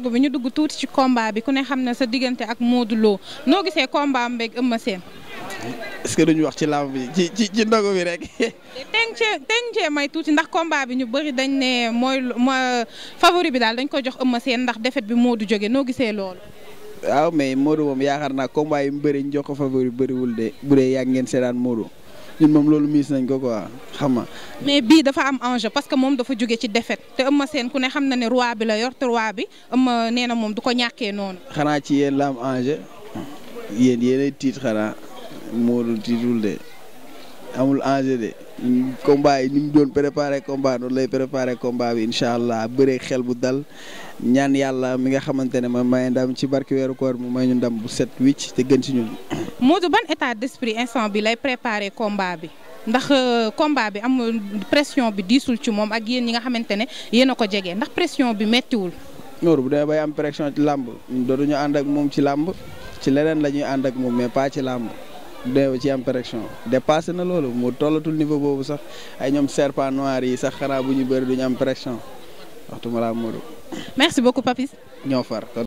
bi ñu dugg tuuti ci combat bi ku ne xam ne sa diggante ak Modou Lo noo gisee combat am beeg Eumeu que duñu wax ci làmb bi ci ci ci ndogu bi rek. may tuuti ndax combat bi ñu bëri dañ ne mooy mooy favori bi daal dañ ko jox Eumeu Sène ndax défaite bi Modou jóge noo gisee lool waaw mais Modou moom yaakaar naa combat yi mu bëri ñu jox ko favori bëriwul de bu dee ngeen seetaan Modou. ñun moom loolu miis nañ ko quoi xam nga. mais bii dafa am enjeu parce que moom dafa jóge ci défaite te Eumeu Sène ku ne xam na ne roi bi la yor te roi bi Eumeu nee na moom du ko ñàkkee noonu. xanaa ci yéen la am enjeu yéen yéenay tiit xanaa Modou tiitul de. amul enjeu de combat yi ni mu doon préparé combat noonu lay préparé combat bi incha allah bëree xel bu dal ñaan yàlla mi nga xamante ne ma may ndam ci barki weeru koor mu may ñu ndam bu set wicc te gën ci ñun. Modou ban état d'esprit instant bi lay préparé combat bi ndax euh, combat bi amul pression bi diisul ci moom ak yéen ñi nga xamante ne yéen a ko jege ndax pression bi méttiwul. Noor bu demee bay am pression ci làmb dootuñu ànd ak moom ci làmb ci leneen la ñuy ànd ak moom mais pas ci làmb. deew ci am correction dépassé na loolu mu tollatul niveau boobu sax ay ñoom serpent noir yi sax xanaa bu ñu bëri duñu am correction waxtu ma laa Modou merci beaucoup Papis ñoo far